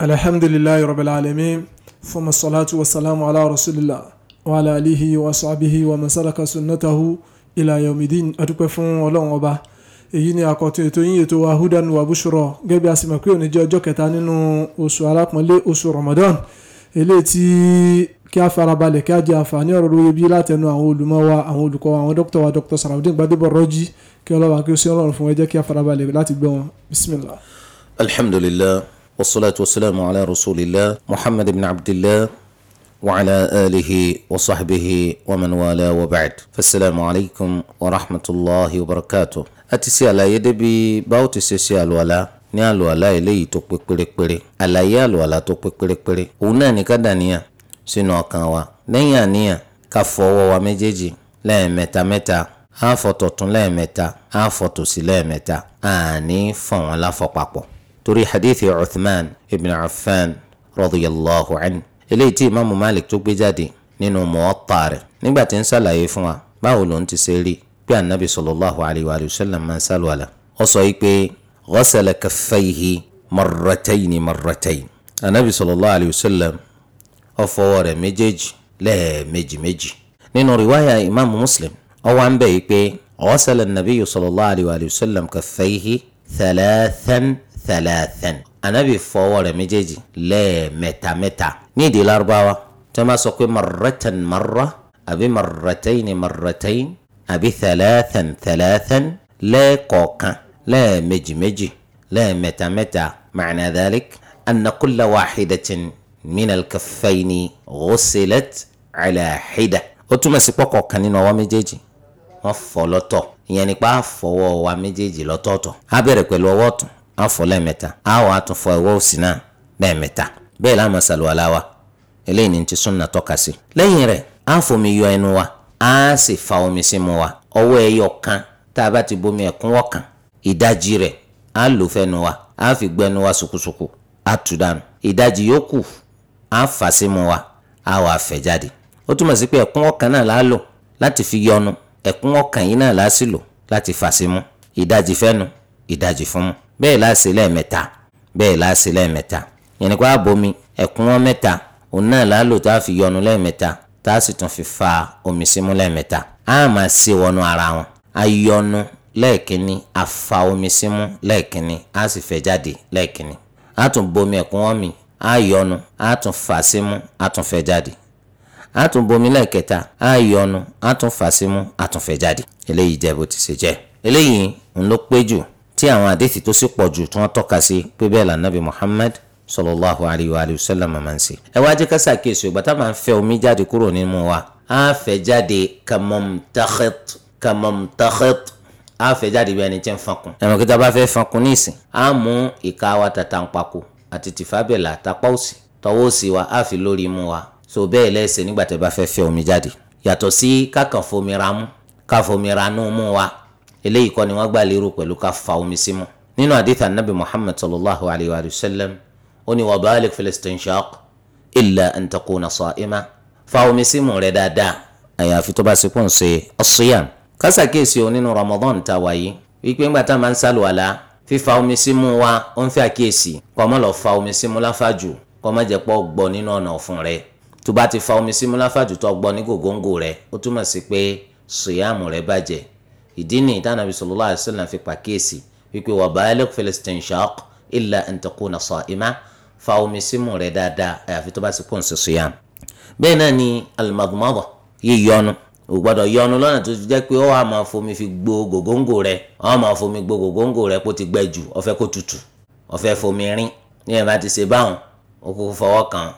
alhamdulilayi rabbil alamin fuma salatu wa salamu ala rasulillah wa ala alihi wa sahbihi wa masalaka sunnatahu ila yomidin adúpẹ́ fún ọlọ́run ọba èyí ni àkọ́tún ètò yín ètò wa hudan wa bushra gẹ́gẹ́ bí a sì mọ̀ pé òní jẹ́ ọjọ́ kẹta nínú oṣù alápọ̀nlé oṣù ramadan eléyìí tí kí a farabalẹ̀ kí a jẹ àǹfààní ọ̀rọ̀ lórí bí látẹnu àwọn olùmọ̀ wa àwọn olùkọ́ àwọn dókítà wa dókítà sàràbùdín gbadébọ̀ rọ́jí kí ọlọ́wà kí ó sí ọlọ́run fún ẹ jẹ́ kí a farabalẹ̀ láti gbọ́ wọn bisimilah. alhamdulilayi والصلاة والسلام على رسول الله محمد بن عبد الله وعلى آله وصحبه ومن والاه وبعد فالسلام عليكم ورحمة الله وبركاته أتسي على يدبي باوتي سيسي الولاء ní àlùwàlá eléyìí tó pé pérépéré àlàyé àlùwàlá tó pé pérépéré òun náà ní ká dàníyàn sínú ọkàn wa lẹ́yìn àníyàn ká fọ ọwọ́ wa méjèèjì lẹ́ẹ̀mẹ́ta mẹ́ta á fọ tọ̀tún lẹ́ẹ̀mẹ́ta á fọ tòsì lẹ́ẹ̀mẹ́ta fọ̀ wọ́n láfọ̀ papọ̀. تري حديث عثمان ابن عفان رضي الله عنه إلي تي مام مالك تو بجادي نينو موطار نبات إن لا يفوا ما أولو أنت سيري بيا النبي صلى الله عليه وآله وسلم ما سال ولا أصيب غسل كفيه مرتين مرتين النبي صلى الله عليه وسلم أفور مجج لا مج مج نينو رواية إمام مسلم أو عن بيك غسل النبي صلى الله عليه وآله وسلم كفيه ثلاثا thalathan anabi fọwọ́ rẹ̀ méjèèjì lẹ́ẹ̀mẹ́ta mẹ́ta ní èdè Lárúbáwá tó máa sọ pé marratan marra àbí marratayn marratayn àbí thalathan thalathan lẹ́ẹ̀kọ̀ọ̀kan lẹ́ẹ̀méjì méjì lẹ́ẹ̀mẹ́ta mẹ́ta ma'na dhalik anna kulla wahidatin min al-kaffayni ghusilat ala hida ó túmọ̀ sí pọ́kọ̀ kan nínú ọwọ́ méjèèjì wọ́n fọ̀ lọ́tọ̀ ìyẹn nípa fọwọ́ wa méjèèjì lọ́tọ̀ọ̀tọ̀ á bẹ̀rẹ̀ pẹ̀lú ọwọ́ á fọ lẹ́ẹ̀mẹ́ta á wàá tún fọ ọwọ́ òsì náà lẹ́ẹ̀mẹ́ta bẹ́ẹ̀ la máa ṣàlùwàlá wa eléyìí ni ti súnà tọ́ka sí. lẹ́yìn rẹ̀ á fomi yọ ẹnu wa á sì fa omi símú wa ọwọ́ ẹyọ kan tá a bá ti bomi ẹ̀kúnwọ́ kan ìdajì rẹ̀ á lò fẹ́nu wa á fi gbẹnu wa ṣùkùṣùkù á tù dànù ìdajì yòókù á fà símú wa á wàá fẹ̀ jáde ó túmọ̀ sí pé ẹ̀kúnwọ́ kan náà lá lò láti fi yọnu ẹ̀kúnwọ́ kan yìí náà lá sì lò láti fà símú ìdajì fẹ́nu ìdajì fún mu bẹ́ẹ̀ láṣẹ lẹ́ẹ̀mẹ́ta bẹ́ẹ̀ láṣẹ lẹ́ẹ̀mẹ́ta yẹnni pé àbomi ẹ̀kún wọn mẹ́ta òun náà lálò tá a fi yọnu lẹ́ẹ̀mẹ́ta tá a sì tún fi fa omi símú lẹ́ẹ̀mẹ́ta á máa ṣe wọnú ara wọn a yọnu lẹ́ẹ̀kínní a fa omi símú lẹ́ẹ̀kínní a sì fẹ́ jáde lẹ́ẹ̀kínní a tún bomi ẹ̀kún wọn mi a yọnu a tún fa símú a tún fẹ́ jáde a tún bomi lẹ́ẹ̀kẹta a yọnu a tún fa símú a tún fẹ́ jáde eléyìí jẹ́ bó ti ṣe jẹ́ eléyìí ń ló pé jù tí àwọn àdéhì tó sì pọ̀ jù tí wọ́n tọ́ka sí pé bẹ́ẹ̀ lànàbí Muhammad sallallahu alayhi wa sallam máa ń ṣe. ẹ wá jẹ́ ká ṣàkíyèsí ìgbà táwọn máa ń fẹ́ omi jáde kúrò nínú wa á fẹ́ jáde kamamtakhit kamamtakhit á fẹ́ jáde bí ẹni tí ń fankun. ẹ̀rọ kí bá fẹ́ fankun ní ìsìn á mú ìka wa tata ń pako àti tìfábẹ̀là tapá òsì tọwọ́ òsì wa á fi lórí imú wa so bẹ́ẹ̀ lẹ́sẹ̀ nígbà tẹ́ bá fẹ́ fẹ́ omi jáde yàtọ̀ sí kákan fomi ra mú fomi ra mú wa eléyìí kọ́ ni wọ́n gbà lérò pẹ̀lú ká fa omi símú nínú àdìtà nabi muhammad sallallahu alayhi wa sallam ó ní wa balik filistin shaq illa an takuna sa'ima fa omi símú rẹ dáadáa àyàfi tó bá sì kún ṣe as-siyam kásàkíyèsí o nínú ramadan ta wáyé wípé ńgbà tá a máa ń sálò àlá fífa omi símú wa ó ń fẹ́ àkíyèsí kó má lọ fa omi símú láfàjù kó má jẹ́ pọ́ gbọ́ nínú ọ̀nà ọ̀fun rẹ tó bá ti fa omi símú láfàjù tó gbọ́ ní gògóńgò rẹ ó túmọ̀ sí pé sùyàmù rẹ bàjẹ́ ìdí ni ìtànàbí sallallahu alaihi wasallam fi pàkíyèsí wípé wa baligh fil istinshaq illa an takuna sa'ima fa omi símù rẹ̀ dáadáa àyàfi tó bá ti pòǹsì siyam. bẹ́ẹ̀ náà ni al-madmada yíyọnu ò gbọ́dọ̀ yọnu lọ́nà tó jẹ́ pé ó wà máa fomi fi gbo gògóńgò rẹ̀ ó wà máa fomi gbo gògóńgò rẹ̀ kó ti gbẹ jù ó fẹ́ kó tutù ó fẹ́ fomi rin ní ẹ̀ bá ti ṣe báwọn ó kúkú fọwọ́ kan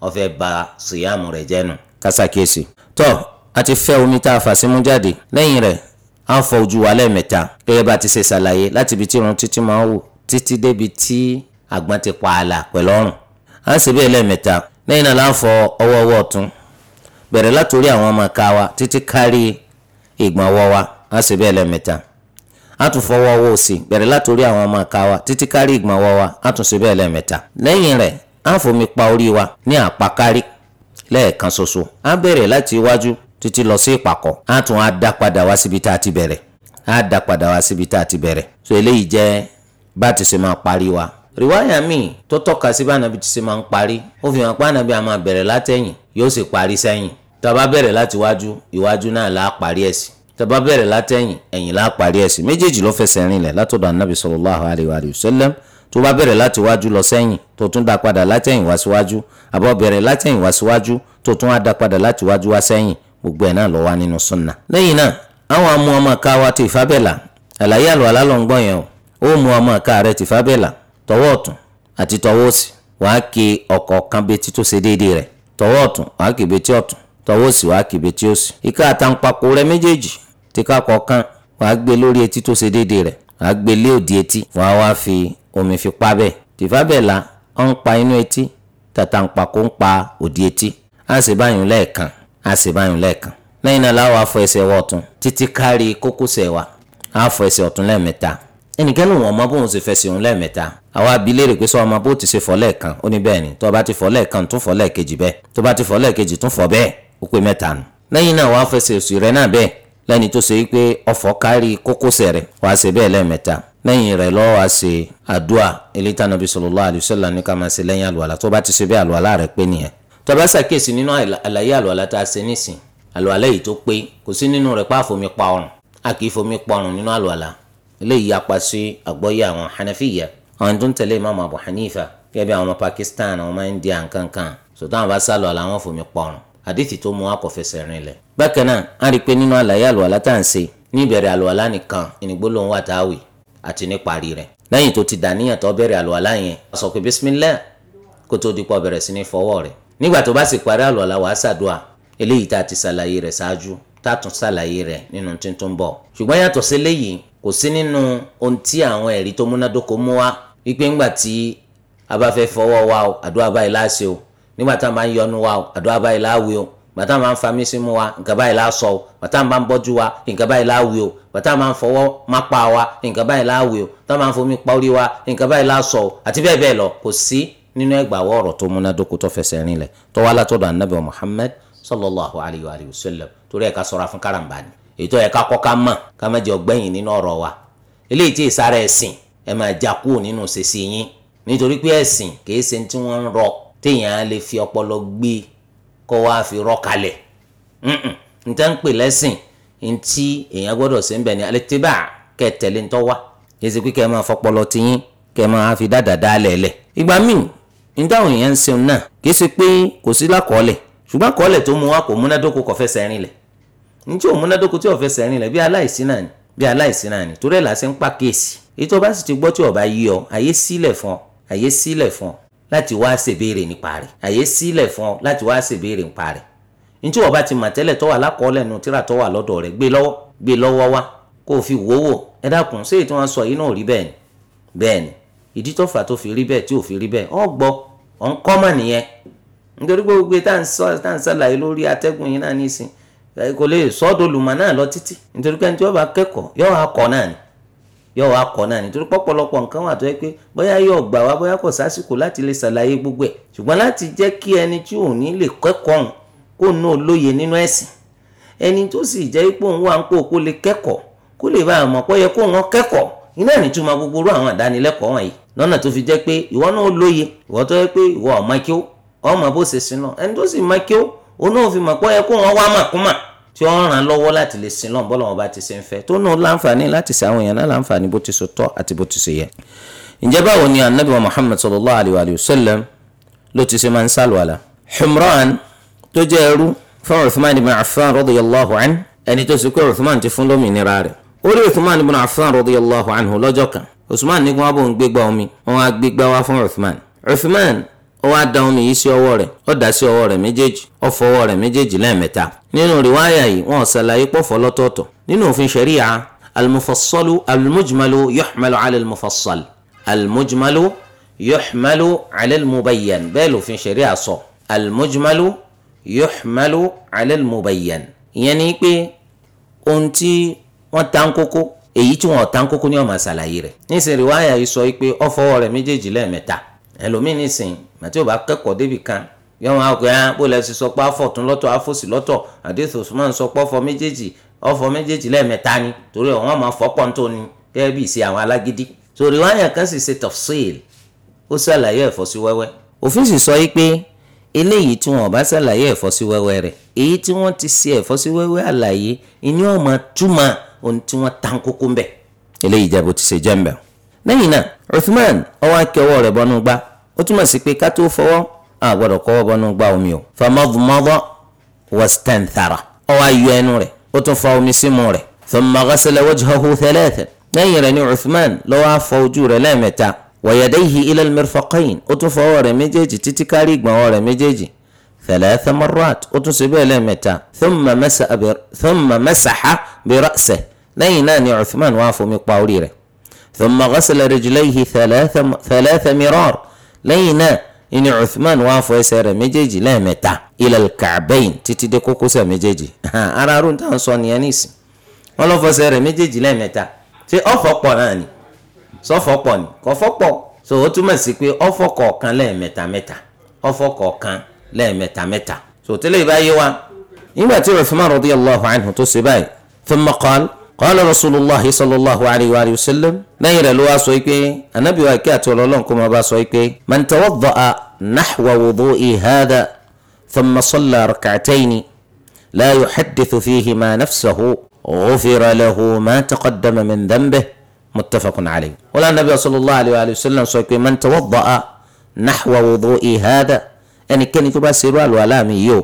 ó ba siyam rẹ̀ jẹ́nu. kásákìyèsí tó a ti fẹ́ omi tá a fà símú jáde lẹ́yìn rẹ̀ à ń fọ ojú wa lẹ́ẹ̀mẹ́ta gẹ́gẹ́ bá ti ṣe ṣàlàyé láti ibi tí irun títí máa ń wò títí débi tí àgbọ̀n ti pa àlà pẹ̀lú ọrùn à ń ṣe bẹ́ẹ̀ lẹ́ẹ̀mẹ́ta lẹ́yìn náà là ń fọ ọwọ́ ọwọ́ ọ̀tún bẹ̀rẹ̀ látòrí àwọn ọmọ ká wa títí kárí ìgbọ̀n ọwọ́ wa à ń ṣe bẹ́ẹ̀ lẹ́ẹ̀mẹ́ta a tún fọwọ́ ọwọ́ òsì bẹ̀rẹ̀ látòrí àwọn ọmọ ká wa títí kárí ìgbọ̀n ọwọ́ wa a tún ṣe bẹ́ẹ̀ lẹ́ẹ̀mẹ́ta lẹ́yìn rẹ̀ à ń pa orí wa ní àpakárí lẹ́ẹ̀kan ṣoṣo a bẹ̀rẹ̀ láti iwájú títí lọ sí ìpàkọ́ á tún á dá padà wá síbi tá a ti bẹ̀rẹ̀ á dá padà wá síbi tá a ti bẹ̀rẹ̀ so eléyìí jẹ́ bá ti ṣe máa parí wa rìwáyà míì tó tọ́ka sí bá anabi ti ṣe máa ń parí ó fi hàn pé anabi a máa bẹ̀rẹ̀ látẹ̀yìn yóò sì parí sẹ́yìn tá bá bẹ̀rẹ̀ láti wájú ìwájú náà là á parí ẹ̀ sí tá bá bẹ̀rẹ̀ látẹ̀yìn ẹ̀yìn là á parí ẹ̀ sí méjèèjì ló fẹsẹ̀ rinlẹ̀ látọ̀dọ̀ anabi sallallahu alayhi wa tó bá bẹ̀rẹ̀ láti wájú lọ sẹ́yìn tó tún dá padà látẹ̀yìn wá síwájú àbọ̀ bẹ̀rẹ̀ látẹ̀yìn wá síwájú tó tún á dá padà láti wájú wá sẹ́yìn gbogbo ẹ̀ náà ló wà nínú sunna. lẹ́yìn náà àwọn amú ọmọ ká wa ti ìfábẹ́là àlàyé àlọ́ alálọ́ ń gbọ́n yẹn o ó mú ọmọ ká rẹ ti ìfábẹ́là tọwọ́ ọ̀tún àti tọwọ́ òsì wàá ké ọ̀kọ̀ọ̀kan betí tó ṣe déédéé rẹ̀ tọwọ́ ọ̀tún wàá ké betí ọ̀tún tọwọ́ òsì wàá ké betí òsì. ìka àtàǹpàkò rẹ méjèèjì ti ká kọ̀ọ̀kan wàá gbé lórí etí tó ṣe déédéé rẹ̀ wàá gbé lé òdi fi omi fi pa bẹ́ẹ̀ tìfábẹ́là ọ̀ ń pa inú etí tàtàǹpàkò a sì bá yùn lẹ́ẹ̀kan lẹ́yìn náà láwọn afọ ẹsẹ̀ wa ọ̀tún títí kárí kókósẹ̀ wa afọ ẹsẹ̀ ọ̀tún lẹ́ẹ̀mẹ́ta ẹnìkan ló wọn ọmọ bóun ṣe fẹsẹ̀ òun lẹ́ẹ̀mẹ́ta àwa abilérè pé sọ ọmọ bó ti ṣe fọ́ lẹ́ẹ̀kan ó ní bẹ́ẹ̀ ni tó bá ti fọ́ lẹ́ẹ̀kan tún fọ́ lẹ́ẹ̀kejì bẹ́ẹ̀ tó bá ti fọ́ lẹ́ẹ̀kejì tún fọ́ bẹ́ẹ̀ ó pé mẹ́ta nù lẹ́yìn náà wàá fẹsẹ̀ òsì rẹ náà bẹ́ẹ̀ lẹ́ni tó ṣe wípé ọ̀fọ̀ kárí kókósẹ̀ rẹ̀ wàá ṣe bẹ́ẹ̀ lẹ́ẹ̀mẹ́ta lẹ́yìn rẹ̀ lọ́wọ́ wàá ṣe àdúà eléyìí tánàbí sallallahu alaihi wasallam ní ká máa ṣe lẹ́yìn àlùwàlà tó bá ti ṣe bẹ́ẹ̀ àlùwàlà rẹ̀ pé nìyẹn tabasa kíyèsí nínú àlàyé àlùwàlá tá a ṣe nísìn àlùwàlá yìí tó pé kò sí nínú rẹ̀ pa àfomi pa ọrùn a kì í fomi pa ọrùn nínú àlùwàlá eléyìí yapa sí àgbọ́yé àwọn hanafiya àwọn tó ń tẹ̀lé imaamu abu hanifa gẹ́gẹ́ bí àwọn ọmọ pakistan àwọn ọmọ india nkankan sọ̀tàn àbá sálọ àlàwọn fomi pa ọrùn àdìtì tó mú akọ̀fẹsẹ̀ rìn lẹ̀. bákan náà a rí i pé nínú àlàyé àlùwàlá tá à ń ṣe ní ìbẹ̀rẹ̀ àlùwàlá nìkan ìnigbólóhùn wà táwì àti ní parí rẹ̀. lẹ́yìn tó ti dàníyàn tó bẹ̀rẹ̀ àlùwàlá yẹn a pé bismillah kó tó dípọ̀ nígbà tó bá sì parí àlọ́lá wàá ṣàdúà eléyìí tá a ti ṣàlàyé rẹ̀ ṣáájú tá a tún ṣàlàyé rẹ̀ nínú tí bọ̀ ṣùgbọ́n yàtọ̀ sí eléyìí kò sí nínú ohun tí àwọn ẹ̀rí tó múnádóko mú wá wípé ńgbà tí a bá fẹ́ fọwọ́ wa o àdúrà báyìí láṣẹ o nígbà tá a máa ń yọnu wa o àdúrà báyìí láwí o bàtà máa ń fa mí símú wa nǹkan báyìí láṣọ o bàtà máa ń bọ́jú wa nǹkan báyìí láwí o bàtà máa ń fọwọ́ má pa wa nǹkan báyìí láwí o bàtà máa ń fomi pa orí wa nǹkan báyìí láṣọ o àti bẹ́ẹ̀ bẹ́ẹ̀ lọ kò sí nínú ẹgbàá ọ̀rọ̀ tó múnádóko tó fẹsẹ̀ rinlẹ̀ tó wá látọ̀dọ̀ anabi muhammed sallallahu alayhi wa sallam torí ẹ̀ka sọra fún karambani èyí tó yẹ ká kọ́ ká mọ̀ ká má nínú ọ̀rọ̀ wa eléyìí tí ìsára ẹ̀sìn ẹ máa já kúrò nínú yín nítorí pé ẹ̀sìn kìí ṣe tí wọ́n ń rọ téèyàn á lè fi ọpọlọ gbé kó fi kalẹ̀ n tẹ́ ń pè lẹ́sìn tí èèyàn gbọ́dọ̀ ṣe ń bẹ̀ alẹ́ nítawọn èèyàn ń ṣeun náà kì í ṣe pé kò sí lákọọ́lẹ̀ ṣùgbọ́n àkọọ́lẹ̀ tó mú wa kò múnádóko kò fẹsẹ̀ rinlẹ̀ ní tí ò múnádóko tí ò fẹsẹ̀ rinlẹ̀ bí aláìsí náà ni bí aláìsí náà ni torí ẹ̀ là ṣe ń pàkíyèsí ètò ọba sì ti gbọ́ tí ọba yí ọ àyè sílẹ̀ fún ọ àyè sílẹ̀ fún ọ láti wá ṣèbéèrè nípa rẹ̀ àyè sílẹ̀ fún ọ láti wá ṣèbéèrè nípa rẹ̀ ní tí ọba ti mà tẹ́lẹ̀ tọ́wà lákọọ́lẹ̀ nu tíra tọ́wà lọ́dọ̀ rẹ̀ gbé lọ́wọ́ gbé lọ́wọ́ wá kó o fi wò ó wò ẹ dákun ṣé ètò wọn sọ yìí náà rí bẹ́ẹ̀ ni bẹ́ẹ̀ ni ìdí tó fà tó fi rí bẹ́ẹ̀ tí ò fi rí bẹ́ẹ̀ ọ gbọ́ ọ̀n kọ́mọ̀ nìyẹn nítorí gbogbo tá à ń sàlàyé lórí atẹ́gùn yìí náà nísìn kò lè sọ́dọ̀ olùmọ̀ náà lọ títí nítorí pé ẹni tí wọ́n bá kẹ́kọ̀ọ́ yóò wá kọ́ náà ni yóò wá kọ́ náà ni nítorí pọ̀pọ̀lọpọ̀ nǹkan wà tó yẹ pé bóyá yóò gbà wá bóyá kò sásìkò láti lè sàlàyé gbogbo ẹ̀ ṣùgbọ́n láti jẹ́ kí ẹni tí ò ní lè kẹ́kọ̀ọ́ kó ná olóye nínú ẹ̀sìn ẹni lọ́nà tó fi jẹ́ pé ìwọ náà lóye ìwọ tó yẹ pé ìwọ ọ̀ máa kí ó ọmọ bó ṣe sin lọ ẹni tó sì máa kí ó òun náà fi mọ̀ pé ẹ kó wọn wá màkúmà tí ó ràn án lọ́wọ́ láti lè sin lọ bọ́lá wọn bá ti ṣe ń fẹ́ tó náà láǹfààní láti ṣe àwọn èèyàn náà láǹfààní bó ti so tọ́ àti bó ti ṣe yẹ. ǹjẹ́ báwo ni anabi wa sallallahu alayhi wa sallam ló ti ṣe máa ń sálùwàlà. humran tó jẹ́ usman ní kí wọ́n bò ń gbégbá omi wọ́n á gbégbá wá fún uthman uthman ó wá da omi yìí sí ọwọ́ rẹ̀ ó dà sí ọwọ́ rẹ̀ méjèèjì ó fọwọ́ rẹ̀ méjèèjì lẹ́ẹ̀mẹ́ta nínú rìwáyà yìí wọ́n ṣàlàyé pọ̀fọ́ lọ́tọ̀ọ̀tọ̀ nínú òfin ṣẹ̀ríya al-mufassalu al-mujmalu yuhmalu ala al-mufassal al-mujmalu sọ al-mujmalu yuhmalu ìyẹn ni pé ohun tí wọ́n ta kókó èyí tí wọn ọ̀tá ń kókó ní ọmọ àṣàlàyé rẹ̀ nísìnyí rìwáyà yìí sọ pé ó fọwọ́ rẹ̀ méjèèjì lẹ́ẹ̀mẹ́ta ẹlòmíín nísìnyí màtí ò bá kẹ́kọ̀ọ́ débì kan yọ wọn àgbẹ̀ hàn bó lẹ́sìn sọ pé àfọ̀tún lọ́tọ̀ àfọ̀sì lọ́tọ̀ àdéhùn Usman sọ pé ọfọ méjèèjì ọfọ méjèèjì lẹ́ẹ̀mẹ́ta ni torí àwọn ọmọ fọ́pọ̀ ń tó ni gẹ́gẹ́ bí ìṣe àwọn alágídí so rìwáyà kan sì ṣe tafsil ó ṣàlàyé ẹ̀fọ́ sí wẹ́wẹ́ òfin sì sọ pé eléyìí tí wọn bá ṣàlàyé ẹ̀fọ́ sí wẹ́wẹ́ rẹ̀ èyí tí wọ́n ti ṣe ẹ̀fọ́ sí wẹ́wẹ́ àlàyé ìní ọ̀mọ̀ túmọ̀ ohun tí wọ́n tan kókó ń bẹ. eléyìí jẹ́ bó ti ṣe jẹ́ ń bẹ̀. lẹ́yìn náà Uthman ọwọ́ akẹ́wọ́ rẹ̀ bọ́nú gbá ó túmọ̀ sí pé ká tó fọwọ́ a gbọ́dọ̀ kọ́wọ́ bọ́nú gbá omi o. famadmada wastanthara ọwọ́ ayọ ẹnu rẹ̀ ó tún fa omi símú rẹ̀ thumma ghasala wajhahu thalatha lẹ́yìn rẹ̀ ni Uthman lọ́wọ́ afọ ojú rẹ̀ lẹ́ẹ̀mẹ́ta wa yadayhi ila ó tún fọwọ́ rẹ̀ méjèèjì títí kárí ìgbọ̀nwọ́ rẹ̀ méjèèjì thalatha marrat ó tún ṣe bẹ́ẹ̀ lẹ́ẹ̀mẹ́ta thumma masaha bi ra'sihi lẹ́yìn náà ni Uthman wá fomi pa orí rẹ̀ thumma ghasala rijlayhi thalatha mirar lẹ́yìn náà ni Uthman wá fọ ẹsẹ̀ rẹ̀ méjèèjì lẹ́ẹ̀mẹ́ta ilal ka'bayn títí dé kókósẹ̀ méjèèjì ara arún tá à ń sọ nìyẹn nísìn wọn lọ fọ ẹsẹ̀ rẹ̀ méjèèjì lẹ́ẹ̀mẹ́ta ṣé ọ̀fọ̀ pọ̀ náà ni sọ́fọ̀ pọ̀ ni kọ́fọ̀ pọ̀ so ó túmọ̀ sí pé ọ̀fọ̀ kọ̀ọ̀kan lẹ́ẹ̀mẹ́ta mẹ́ta ọ̀fọ̀ kọ̀ọ̀kan لا متى متى سو تلي باي أيوة. وا إما عثمان رضي الله عنه توصي باي ثم قال قال رسول الله صلى الله عليه وآله وسلم نير ويكي النبي وكات ولونكم ويكي من توضأ نحو وضوء هذا ثم صلى ركعتين لا يحدث فيهما نفسه غفر له ما تقدم من ذنبه متفق عليه ولا النبي صلى الله عليه وآله وسلم من توضأ نحو وضوء هذا ẹnikẹ́ni tó bá ṣerú àlọ́ aláàmì yìí o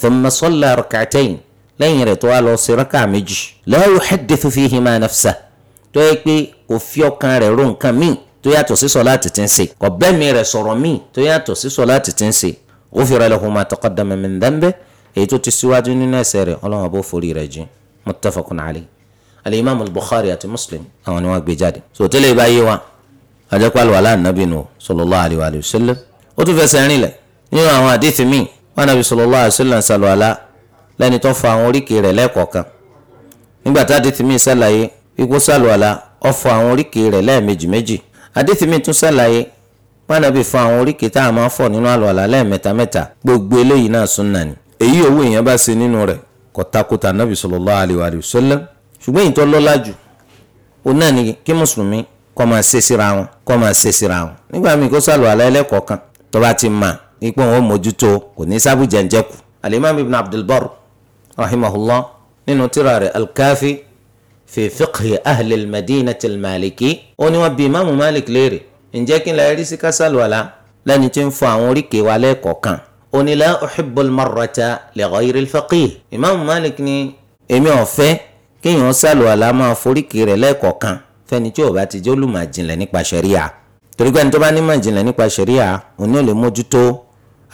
thumma salla rak'atayn lẹ́yìn rẹ̀ tó wá lọ ṣe rákà méjì la yuhaddithu fihima nafsa tó yẹ pé kò fi ọkàn rẹ̀ rò nǹkan míì tó yàtọ̀ sí sọláàtì tí ń ṣe kò bẹ́mi rẹ̀ sọ̀rọ̀ míì tó yàtọ̀ sí sọláàtì tí ń ṣe ufira lahu ma taqaddama min dhanbi èyí tó ti síwájú nínú ẹ̀ṣẹ̀ rẹ̀ Ọlọ́run bó forí rẹ̀ jìn muttafaqun alayhi al-imam al-bukhari àti muslim àwọn ni wọ́n gbé jáde. sòtẹ́lẹ̀ bá yé wa adékọ́ àlùwalá ànábìnú sallallahu alayhi wa sallam ó tún fẹsẹ̀ rìn lẹ̀ nínú àwọn àdìsí míì wọn nàbí sallallahu alaihi wasallam ṣàlùwàlá lẹ́ni tó fọ àwọn oríkèé rẹ̀ lẹ́ẹ̀kọ̀ọ̀kan nígbà tá àdìsí míì ṣàlàyé ikú ṣàlùwàlá ó fọ àwọn oríkèé rẹ̀ lẹ́ẹ̀mejì méjì àdìsí míì tún ṣàlàyé wọn nàbí fọ àwọn oríkèé tá a máa fọ nínú àlùwàlá lẹ́ẹ̀mẹ́ta mẹ́ta gbogbo eléyìí náà súnà ni èyí òwú èèyàn bá ṣe nínú rẹ̀ kò takuta nàbí sallallahu alaihi wasallam ṣùgbọ́n èyí tó lọ́lá jù òun náà ni kí mùsùlùmí ti máa ipò wọn mójútó kò ní sábùjẹ ń jẹkù alimami ibn abdulbar rahimahullah nínú tírà rẹ̀ alkaafi fi fiqhi ahli madina tilmaliki ó ní wọ́n bi imaamu malik léèrè ǹjẹ́ kí n lè rí sí kásálùwàlá lẹ́ni tí ń fọ àwọn oríkèé wa lẹ́ẹ̀kọ̀ọ̀kan ó ní la uhibbu almarrata li ghayri alfaqih imaamu malik ní èmi ò fẹ́ kéèyàn sálùwàlá máa foríkèé rẹ̀ lẹ́ẹ̀kọ̀ọ̀kan fẹ́ni tí ò bá ti jẹ́ olùmọ̀ àjìnlẹ̀ nípa ṣẹ̀ríà torí pé tó bá ní mọ̀ àjìnlẹ̀ nípa ṣẹ̀ríà òní ò lè mójútó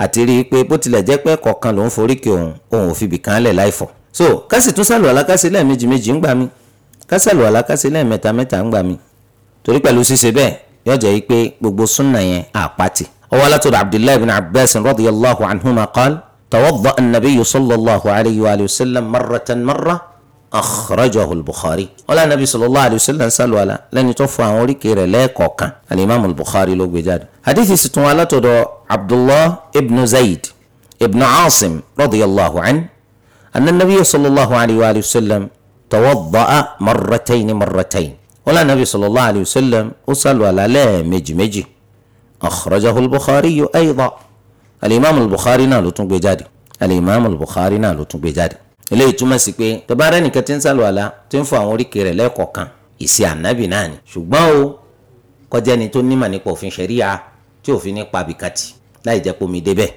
àti rí i pé bó tilẹ̀ jẹ́ pé kọ̀ọ̀kan lòún forí kí òun òun ò fi bìkan lẹ̀ láìfọ̀ so kásì tún sàlù alákàsí lẹ́ẹ̀mejì méjì ń gbà mí kásàlù alákàsí lẹ́ẹ̀mẹ́ta mẹ́ta ń gbà mí torí pẹ̀lú ṣíṣe bẹ́ẹ̀ yóò jẹ́ yí pé gbogbo súnà yẹn àpáti. ọwọ́ alátọ̀dọ̀ abdullahi bin abbas radiyallahu anhuma qal tawadda annabi sallallahu alayhi wa sallam marratan marra akhrajahu al-bukhari. ọlá anabi sallallahu alayhi wa sallam sàlù ala lẹ́ni tó fọ àwọn oríkèé rẹ̀ lẹ́ẹ̀kọ̀ọ̀kan alimami al-bukhari ló gbé abdullah ibn zayd ibn asim radiyallahu an anna nabiya sallallahu alayhi wa sallam tawadda'a marratayn marratayn wala nabi sallallahu alayhi wa sallam ó sálù àlálẹ́ méjì méjì akhrajahu al-bukhari aydan alimami al-bukhari náà ló tún gbé jáde alimami al-bukhari náà ló tún gbé jáde eléyìí túmọ̀ sí pé tọ́ba rẹ nìkan ti ń sálù àlá tí ń fọ àwọn oríkèé rẹ̀ lẹ́ẹ̀kọ̀ọ̀kan ìsì ànábì náà ni ṣùgbọ́n o kọjá ni tó nímọ̀ nípa òfin ṣẹ̀ríya tí òfin nípa bìkátì láì jẹ́ pomi débẹ̀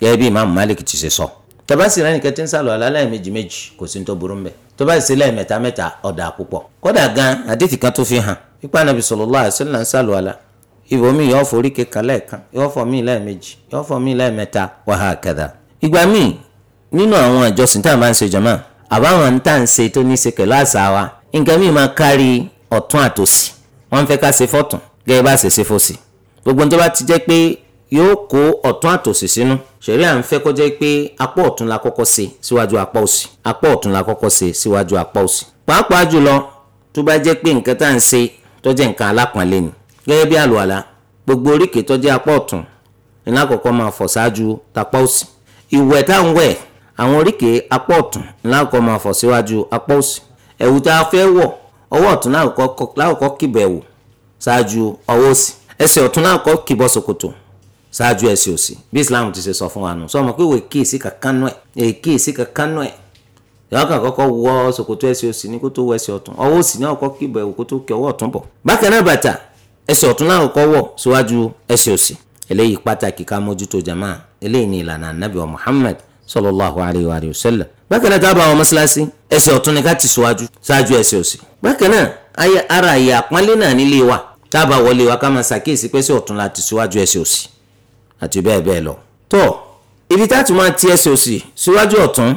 gẹ́gẹ́ bí malik ti ṣe sọ tó sì rẹ́ nìkan ń sàlọ̀ alálẹ̀ méjì méjì kò sí ní tó burú mbẹ̀ tó bá sì sílẹ̀ mẹ́ta mẹ́ta ọ̀dà púpọ̀ gan àdìtì kan tó fi hàn ipa nàbì sallallahu alaihi wasallam ń sàlọ̀ àlà ibòmíì yóò forí kékan lẹ́ẹ̀kan yóò fọ míì lẹ́ẹ̀mejì yóò fọ míì lẹ́ẹ̀mẹ́ta wa hakadha. ìgbà míì nínú àwọn ìjọsìn tá à ń ṣe àbáwọn ń tà ń ṣe tó ní í ṣe pẹ̀lú àṣà wa nǹkan míì máa kárí ọ̀tún gbogbo tó yóò kó ọ̀tún àtòsì sínú ṣẹ̀rí à ń fẹ́ kó jẹ́ pé apá ọ̀tún la kọ́kọ́ ṣe síwájú apá òsì apá ọ̀tún la kọ́kọ́ ṣe síwájú apá òsì. pàápàá jùlọ tó bá jẹ́ pé nǹkan tá à ń ṣe tó jẹ́ nǹkan alápọ̀nlé ni gẹ́gẹ́ bí àlùwàlà gbogbo oríkèé tó jẹ́ apá ọ̀tún ni lákọ̀ọ́kọ́ máa fọ̀ ṣáájú tapá òsì. ìwẹ̀ tá à ń wẹ̀ àwọn oríkèé apá ọ̀tún ni lákọ̀ọ́kọ́ máa fọ̀ síwájú apá òsì. ẹ̀wù tá a fẹ́ wọ̀ ọwọ́ ọ̀tún lákọ̀ọ́kọ́ kìbẹ̀wò ṣáájú ọwọ́ òsì ẹsẹ̀ ọ̀tún lákọ̀ọ́kọ́ kìbọ̀ ṣòkòtò ṣáájú ẹ̀sìn òsì bí islam ti ṣe sọ fún wa nù sọmọ pé ìwé kíyèsí kankan nù ẹ̀ èyí kíyèsí kankan nù ẹ̀ ìyá kan kọ́kọ́ wọ ṣòkòtò ẹ̀sìn òsì ní kó tó wọ ẹ̀sìn ọ̀tún ọwọ́ òsì náà kọ́ kí ìbọ̀ ẹ̀wò kó tó kí ọwọ́ ọ̀tún bọ̀ bákan náà bàtà ẹ̀sìn ọ̀tún náà kọ́ wọ̀ síwájú ẹ̀sìn òsì eléyìí pàtàkì ká mójútó jama eléyìí ni ìlànà anabi wa muhammad sallallahu alayhi wa sallam bákan náà tábà wọn mọ́ṣáláṣí ẹ̀sìn ọ̀tún ni ká ti síwájú ṣáájú ẹ̀sìn òsì bákan náà ara àyè àpọ́nlé náà nílé wa tábà wọlé wa ká máa la ti síwájú ẹ̀sìn àti bẹ́ẹ̀ bẹ́ẹ̀ lọ. tó ibi tá a tún máa ti ẹsẹ̀ òsì síwájú ọ̀tún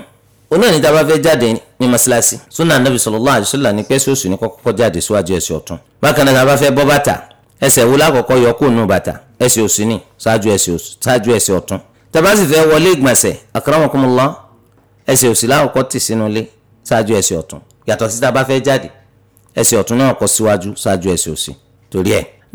onáà ní tábà fẹ́ jáde ní masilasi sunna anabi sallallahu alaihi wasallam ní pẹ́sẹ̀ òsì ní kọ́kọ́ jáde síwájú ẹsẹ̀ ọ̀tún. bákan náà tábà fẹ́ bọ́ bàtà ẹsẹ̀ wo lákọ̀ọ́kọ́ yọ kó nù bàtà ẹsẹ̀ òsì ní ṣáájú ẹsẹ̀ ọ̀tún. tábà sì fẹ́ wọlé ìgbọ̀nsẹ̀ akramakumullah ẹsẹ̀ òsì lákọ̀ọ́kọ́ tì sínú ilé ṣáájú ẹsẹ̀ ọ̀tún yàtọ̀ sí tábà fẹ́ jáde ẹsẹ̀ ọ̀tún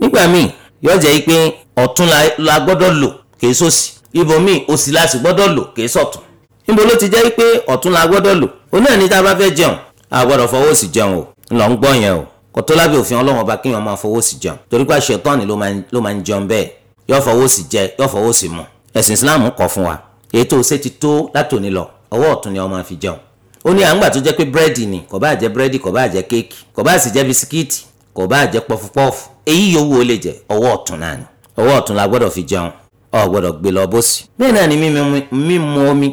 nígbà míì yóò jẹ́ pé ọ̀tún la gbọ́dọ̀ lò kìí sòsì ibòmíì òsì la sì gbọ́dọ̀ lò kìí sọ̀tún níbo ló ti jẹ́ pé ọ̀tún la gbọ́dọ̀ lò òun náà tá a bá fẹ́ jẹun a gbọ́dọ̀ fọwọ́ sí jẹun o ńlọ ń gbọ́ yẹn o kò tó lábẹ́ òfin ọlọ́wọ́n bá kéèyàn máa fọwọ́ sí jẹun torí pé ṣẹ̀tánì ló máa ń jẹun bẹ́ẹ̀ yóò fọwọ́ sí jẹ yóò fọwọ́ sí mu ẹ̀sìn Islam kọ̀ fún wa ètò ṣe ti tó látòní lọ ọwọ́ ọ̀tún ni ó máa fi jẹun ó ní àǹgbà tó jẹ́ pé búrẹ́dì ni kò bá jẹ́ búrẹ́dì kò bá jẹ́ kéèkì kò bá sì jẹ́ bisikíìtì kò bá jẹ́ pọfupọ́fù èyí yòówù ó lè jẹ ọwọ́ ọ̀tún náà ni ọwọ́ ọ̀tún la gbọ́dọ̀ fi jẹun ọ gbọ́dọ̀ gbé lọ bọ́sì bẹ́ẹ̀ náà ni mímu omi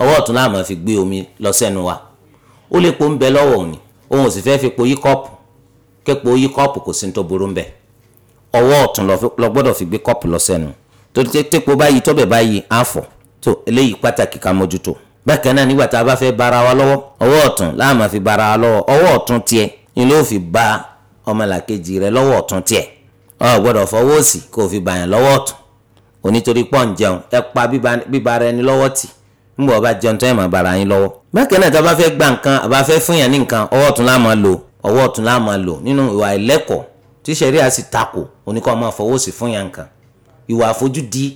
ọwọ́ ọ̀tún la máa fi gbé omi lọ sẹ́nu wa ó lè po ń bẹ lọ́wọ́ òní òun ò sì fẹ́ fi po yí kọ́ọ̀pù kẹ́pọ̀ yí kọ́ọ̀pù kò sí ní tó burú ń bẹ ọwọ́ ọ̀tún lọ gbọ́dọ̀ fi gbé kọ́ọ̀pù lọ sẹ́nu tó tẹ́pọ̀ báyìí tọ́bẹ̀ báyìí á fọ̀ tó eléyìí pàtàkì ká mójútó bákan náà nígbà tá a bá fẹ́ bara wa lọ́wọ́ ọwọ́ ọ̀tún la fi bara wa lọ́wọ́ ọwọ́ ọ̀tún tiẹ̀ ni ló fi ba ọmọlàkejì rẹ lọ́wọ́ ọ̀tún tiẹ̀ o gbọ́dọ̀ fọwọ́ òsì kó o fi bàyàn lọ́wọ́ ọ̀tún onítorí pọ̀ ń jẹun ẹ pa bíba ara ẹni lọ́wọ́ tì nígbà ọba jẹun tó yẹ máa bara yín lọ́wọ́. bákan náà tá a bá fẹ́ gba nǹkan a bá fẹ́ fún yàn ní nǹkan ọwọ́ ọ̀tún la máa lò ọwọ́ ọ̀tún la máa lò nínú ìwà ẹlẹ́kọ̀ọ́ tí sẹ́ríà sì takò oníkọ́ máa fọwọ́ sí fún yàn nǹkan ìwà àfojúdi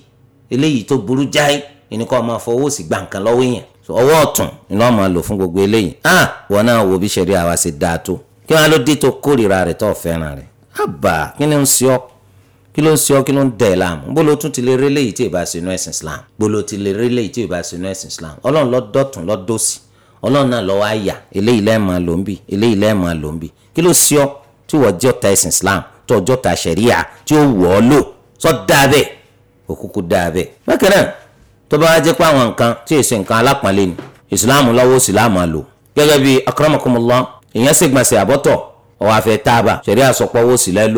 eléyìí tó burú jáì oníkọ́ máa fọwọ́ sí gba nǹkan lọ́wọ́ èèyàn ọwọ́ ọ̀tún ni máa lò fún gbogbo eléyìí ah wọn náà wo bí sẹ́ríà wa ṣe dáa tó kí wọ́n á ló dé tó kí ló ń ṣe ọ kí ló ń dẹ̀ láàmú bó ló tún ti lè rí léyìí tí ì bá sinú ẹ̀sìn islam bó ló ti lè rí léyìí tí ì bá sinú ẹ̀sìn islam ọlọ́run ló dọ̀tún ló dòsì ọlọ́run náà lọ́wọ́ àyà eléyìí lẹ́ẹ̀mà ló ń bì eléyìí lẹ́ẹ̀mà ló ń bì kí ló ṣe ọ tí wọ́n jẹ́ ọ̀tá ẹ̀sìn islam tí wọ́n jẹ́ ọ̀tá ṣẹ̀ríà tí ó wọ̀ ọ́ lò sọ dáa bẹ́ẹ̀ òkúkú dáa bẹ́ẹ̀. bákan náà tó bá wá jẹ́ pé àwọn nǹkan tí èso nǹkan alápọ̀nlé ni ìsìláàmù lọ́wọ́ ìsìláàmù àlò gẹ́gẹ́ bí akramakumullah ìyẹn ṣègbọ̀nsẹ̀ àbọ̀tọ̀ ó wá fẹ́ táàbà ṣẹ̀ríà sọpọ̀ owó sílẹ̀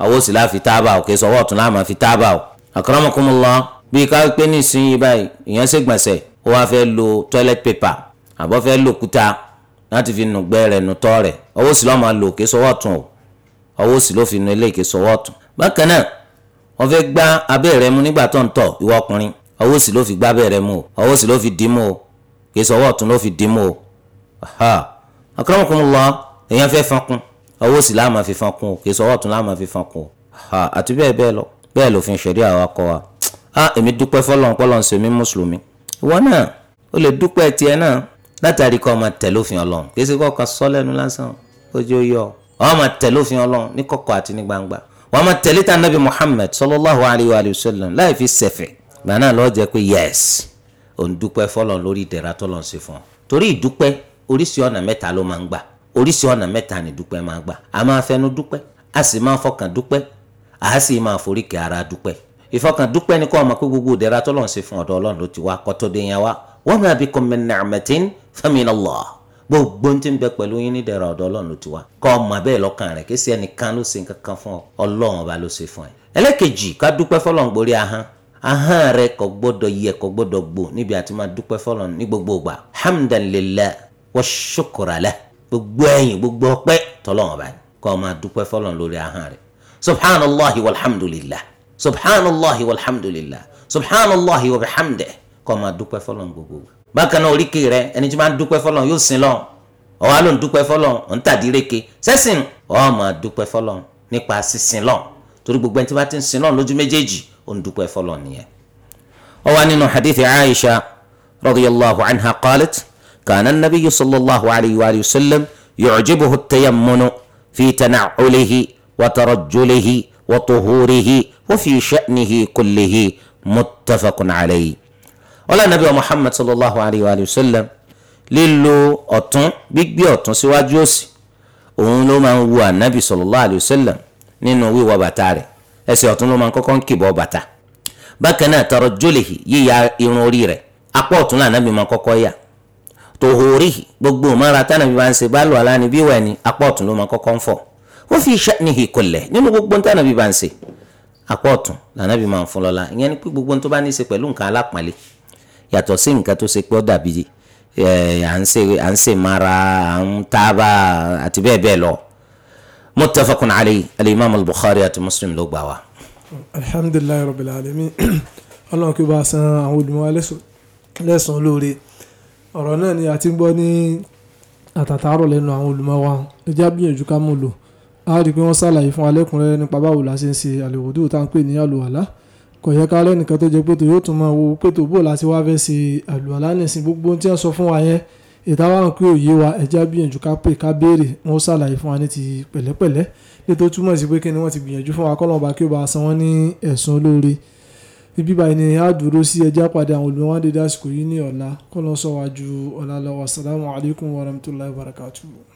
àwọn òsì láfi tábà ò kí sọwọ́ ọ̀tún láàmà fi tábà ò. akramakumullah bíi ká pé ní ìsinyìí báyìí ìyẹn ṣègbọ̀nsẹ̀ ó wá fẹ́ lo toilet paper àbọ̀ fẹ́ lo kúta láti fi nù gbẹ́ rẹ̀ nù tọ́ rẹ̀ ọwọ́ òsì lọ́ọ́ máa lò kí sọwọ́ ọ̀tún ò ọwọ́ òsì ló fi nu ilé kí sọwọ́ ọ̀tún. bákan náà wọ́n fẹ́ gbá abẹ́ rẹ mú nígbà tó ń tọ̀ ìwọ ọkùnrin ọwọ́ òsì ló fi gbá abẹ́ rẹ mú ọwọ́ òsì ló fi dì í kì í sọwọ́ ọ̀tún ló fi dì í mú o. akramakumullah èèyàn fẹ́ fankun ọwọ́ sì láàmà fi fan kún o kì í sọ ọwọ́ ọ̀tún láàmà fi fan kún o àti bẹ́ẹ̀ bẹ́ẹ̀ lọ bẹ́ẹ̀ lòfin ṣẹ̀ríà wa kọ́ wa ah èmi dúpẹ́ fọlọ́n pọ́lọ́n ṣe mí mùsùlùmí ìwọ náà o lè dúpẹ́ tiẹ̀ náà látàrí kọ́ ọmọ tẹ̀ lófin ọlọ́run kì í ṣe kọ́ka sọ lẹ́nu lásán ojú yọ ọmọ tẹ̀ lófin ọlọ́run ní kọ̀kọ̀ àti ní gbangba wọ́n máa tẹ̀lé ta nabi Muhammad sallallahu alayhi wa sallam láì fi ṣẹ̀fẹ̀ gbà náà lọ́ọ́ yes òun dúpẹ́ fọlọ́n lórí ìdẹ̀ra tọ́lọ́n ṣe fún ọ torí ìdúpẹ́ oríṣi ọ̀nà gbà oríṣi ọ̀nà mẹ́ta ni dúpẹ́ máa gbà a máa fẹnu dúpẹ́ a sì máa fọkàn dúpẹ́ a sì máa foríkè ara dúpẹ́ ìfọkàn dúpẹ́ ni kó ọmọ pé gbogbo ìdẹ̀ra tó lọ́n ṣe fún ọ̀dọ̀ Ọlọ́run ló ti wá kọ́tọ́ dé yẹn wá wa ma bikum min ni'matin faminallah gbogbo ń ti ń bẹ pẹ̀lú yín ní ìdẹ̀ra ọ̀dọ̀ Ọlọ́run ló ti wá kọ́ ọmọ bẹ́ẹ̀ lọ́kàn rẹ̀ kí sí ẹnìkan ló ṣe kankan fún ọ Ọlọ́run ọba ló ṣe fún ẹ. ẹlẹ́kejì ká dúpẹ́ fọlọ́n gborí ahọ́n ahọ́n rẹ kò gbọ́dọ̀ yẹ kò gbọ́dọ̀ gbò níbi àti máa dúpẹ́ fọlọ́n ní gbogbo ìgbà hamdan lillah wa shukra lah gbogbo ẹ̀yìn gbogbo ọpẹ́ tọ́lọ́run bá ní kó o máa dúpẹ́ fọ́lọ́run lórí ahọ́n rẹ̀ subhanallah walhamdulillah subhanallah walhamdulillah subhanallah wa bihamdih kó o máa dúpẹ́ fọ́lọ́run gbogbo. bákan náà oríkèé rẹ ẹni tí máa ń dúpẹ́ fọ́lọ́run yóò sin lọ́run ọ̀wá ló ń dúpẹ́ fọ́lọ́run ọ̀ ń tàdíreke sẹ́sìn ọ̀ máa dúpẹ́ fọ́lọ́run nípa sísin lọ́run torí gbogbo ẹni tí wọ́n ti ń sin lọ́run lójú méjèèjì ó ń dúpẹ́ fọ́lọ́run nìyẹn. ó nínú hadith Aisha radiyallahu anha qalat كان النبي صلى الله عليه وآله وسلم يعجبه التيمن في تنعله وترجله وطهوره وفي شأنه كله متفق عليه ولا نبي محمد صلى الله عليه وآله وسلم lílo ọ̀tún gbígbé ọ̀tún síwájú òsì òun ló máa ń wu ànábì sallallahu alayhi wa sallam nínú wíwọ bàtà rẹ̀ ẹsẹ̀ ọ̀tún ló máa ń kọ́kọ́ ń kìbọ̀ bàtà bákan náà tarajjulihi yíya irun orí rẹ̀ apá ọ̀tún làǹábì máa kọ́kọ́ yà tòhórí gbogbo ìmọ̀ra tánàbí bá ń ṣe bá lò àlá ni bí wẹ̀ ni apá ọ̀tún ló máa kọ́kọ́ ń fọ̀ wọ́n fi iṣẹ́ ní ìkọlẹ̀ nínú gbogbo tánàbí bá ń ṣe apá ọ̀tún lànàbí máa ń fún lọ́la ìyẹn ni pé gbogbo tó bá ní í ṣe pẹ̀lú nǹkan alápọ̀nlé yàtọ̀ sí nǹkan tó ṣe pé ó dàbí à ń ṣe mara à ń tábà àti bẹ́ẹ̀ bẹ́ẹ̀ lọ muttafaqun alayhi al al-bukhari àti muslim ló gbà wá. alhamdulilayi rabbil alamin ọlọ́run kí wọ́n bá san àwọn olùmọ̀ lẹ́sàn-án lóore ọ̀rọ̀ náà ni a ti ń gbọ́ ní àtàtàárọ̀ lẹ́nu àwọn olùmọ̀ wa ẹja gbìyànjú ká mú lò á rí i pé wọ́n ṣàlàyé fún alẹ́kùnrẹ́rẹ́ nípa báwo la ṣe ń ṣe àlèwòdò tá à ń pè ní àlùwàlá kò yẹ ká lẹ́nìkan tó jẹ́ pé tó yóò tún máa wo pé tó bò láti wá fẹ́ ṣe àlùwàlá nìsín gbogbo tí wọ́n sọ fún wa yẹn ìtawà ń pé òye wa ẹja gbìyànjú ká pè ká béèrè wọ́n ṣàlàyé fún wa ní ti pẹ̀lẹ́pẹ̀lẹ́ ibi báyìí ni a dúró sí ẹja padà àwọn olùmọ̀wá dédé àsìkò yìí ní ọ̀la kọ́ lọ́n sọ wájú ọ̀la lọ́wọ́ assalamu alaikum warahmatullahi wabarakatuh.